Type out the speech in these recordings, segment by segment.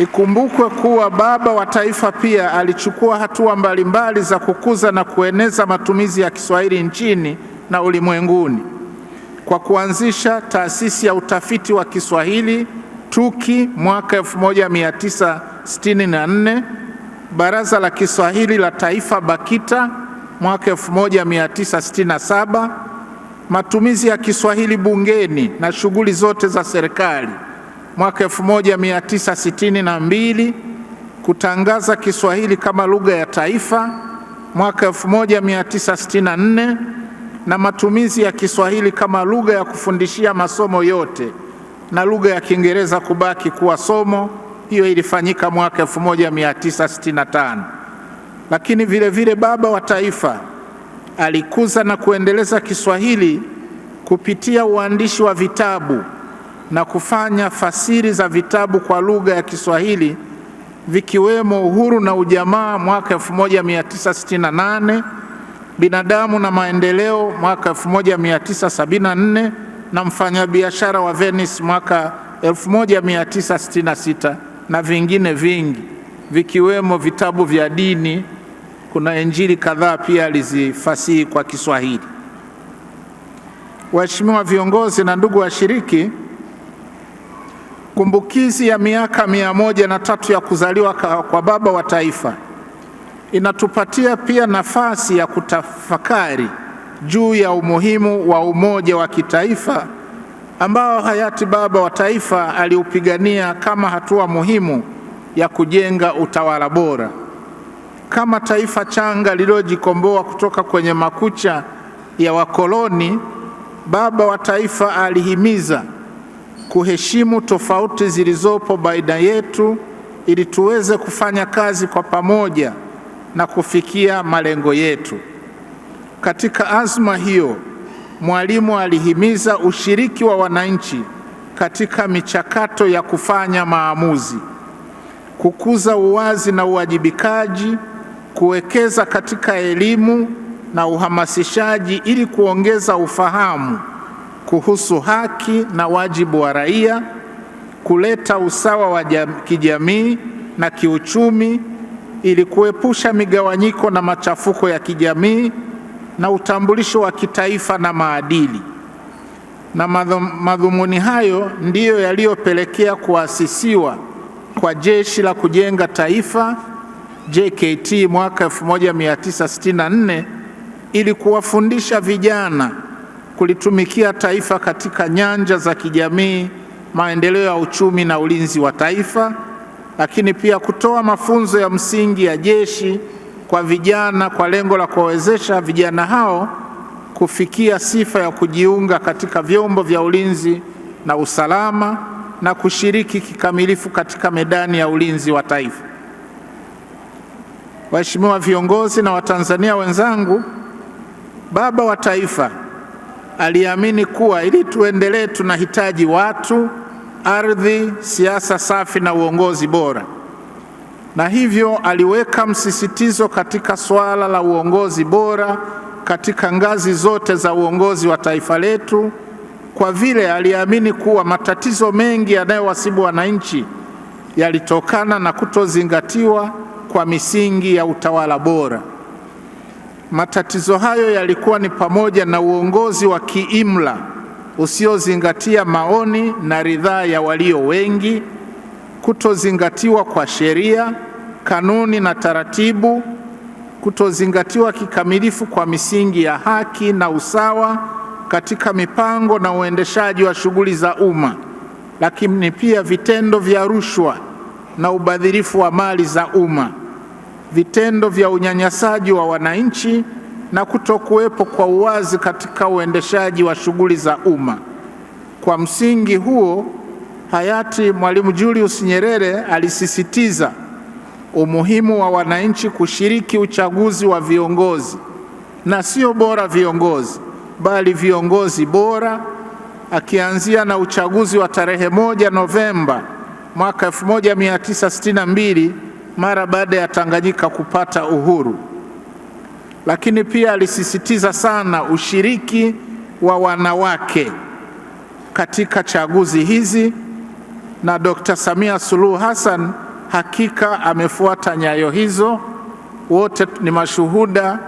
Ikumbukwe kuwa baba wa taifa pia alichukua hatua mbalimbali za kukuza na kueneza matumizi ya Kiswahili nchini na ulimwenguni kwa kuanzisha taasisi ya utafiti wa Kiswahili TUKI mwaka 1964, Baraza la Kiswahili la Taifa BAKITA mwaka 1967, matumizi ya Kiswahili bungeni na shughuli zote za serikali mwaka 1962 kutangaza Kiswahili kama lugha ya taifa mwaka 1964 na matumizi ya Kiswahili kama lugha ya kufundishia masomo yote na lugha ya Kiingereza kubaki kuwa somo. Hiyo ilifanyika mwaka 1965. Lakini vile vile baba wa taifa alikuza na kuendeleza Kiswahili kupitia uandishi wa vitabu na kufanya fasiri za vitabu kwa lugha ya Kiswahili vikiwemo Uhuru na Ujamaa mwaka 1968, Binadamu na Maendeleo mwaka 1974 na Mfanyabiashara wa Venice mwaka 1966 na vingine vingi vikiwemo vitabu vya dini. Kuna Injili kadhaa pia alizifasihi kwa Kiswahili. Waheshimiwa viongozi na ndugu washiriki Kumbukizi ya miaka mia moja na tatu ya kuzaliwa kwa baba wa taifa inatupatia pia nafasi ya kutafakari juu ya umuhimu wa umoja wa kitaifa ambao hayati baba wa taifa aliupigania kama hatua muhimu ya kujenga utawala bora. Kama taifa changa lililojikomboa kutoka kwenye makucha ya wakoloni, baba wa taifa alihimiza kuheshimu tofauti zilizopo baina yetu ili tuweze kufanya kazi kwa pamoja na kufikia malengo yetu. Katika azma hiyo, Mwalimu alihimiza ushiriki wa wananchi katika michakato ya kufanya maamuzi, kukuza uwazi na uwajibikaji, kuwekeza katika elimu na uhamasishaji ili kuongeza ufahamu kuhusu haki na wajibu wa raia, kuleta usawa wa kijamii na kiuchumi ili kuepusha migawanyiko na machafuko ya kijamii na utambulisho wa kitaifa na maadili. Na madhumuni hayo ndiyo yaliyopelekea kuasisiwa kwa Jeshi la Kujenga Taifa JKT mwaka 1964 ili kuwafundisha vijana kulitumikia taifa katika nyanja za kijamii, maendeleo ya uchumi na ulinzi wa taifa, lakini pia kutoa mafunzo ya msingi ya jeshi kwa vijana kwa lengo la kuwawezesha vijana hao kufikia sifa ya kujiunga katika vyombo vya ulinzi na usalama na kushiriki kikamilifu katika medani ya ulinzi wa taifa. Waheshimiwa viongozi na Watanzania wenzangu, Baba wa Taifa aliamini kuwa ili tuendelee tunahitaji watu, ardhi, siasa safi na uongozi bora, na hivyo aliweka msisitizo katika suala la uongozi bora katika ngazi zote za uongozi wa taifa letu, kwa vile aliamini kuwa matatizo mengi yanayowasibu wananchi yalitokana na kutozingatiwa kwa misingi ya utawala bora. Matatizo hayo yalikuwa ni pamoja na uongozi wa kiimla usiozingatia maoni na ridhaa ya walio wengi, kutozingatiwa kwa sheria, kanuni na taratibu, kutozingatiwa kikamilifu kwa misingi ya haki na usawa katika mipango na uendeshaji wa shughuli za umma, lakini pia vitendo vya rushwa na ubadhirifu wa mali za umma vitendo vya unyanyasaji wa wananchi na kutokuwepo kwa uwazi katika uendeshaji wa shughuli za umma. Kwa msingi huo, hayati Mwalimu Julius Nyerere alisisitiza umuhimu wa wananchi kushiriki uchaguzi wa viongozi, na sio bora viongozi, bali viongozi bora, akianzia na uchaguzi wa tarehe moja Novemba mwaka 1962 mara baada ya Tanganyika kupata uhuru, lakini pia alisisitiza sana ushiriki wa wanawake katika chaguzi hizi, na Dr. Samia Suluhu Hassan hakika amefuata nyayo hizo. Wote ni mashuhuda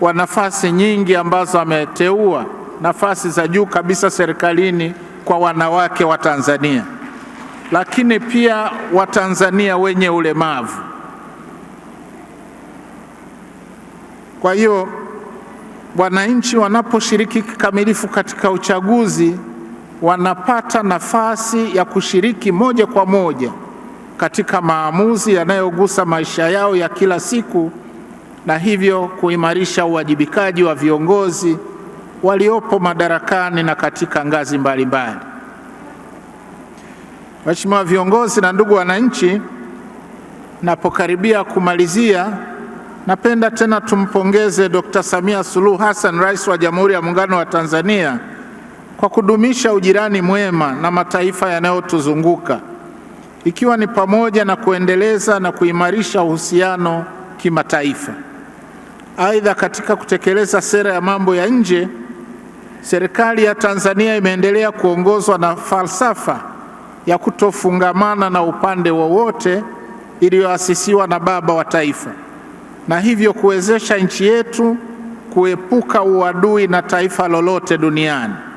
wa nafasi nyingi ambazo ameteua, nafasi za juu kabisa serikalini kwa wanawake wa Tanzania, lakini pia Watanzania wenye ulemavu. Kwa hiyo wananchi wanaposhiriki kikamilifu katika uchaguzi wanapata nafasi ya kushiriki moja kwa moja katika maamuzi yanayogusa maisha yao ya kila siku na hivyo kuimarisha uwajibikaji wa viongozi waliopo madarakani na katika ngazi mbalimbali. Waheshimiwa viongozi na ndugu wananchi, napokaribia kumalizia Napenda tena tumpongeze Dkt. Samia Suluhu Hassan, Rais wa Jamhuri ya Muungano wa Tanzania kwa kudumisha ujirani mwema na mataifa yanayotuzunguka ikiwa ni pamoja na kuendeleza na kuimarisha uhusiano kimataifa. Aidha, katika kutekeleza sera ya mambo ya nje, serikali ya Tanzania imeendelea kuongozwa na falsafa ya kutofungamana na upande wowote iliyoasisiwa na Baba wa Taifa na hivyo kuwezesha nchi yetu kuepuka uadui na taifa lolote duniani.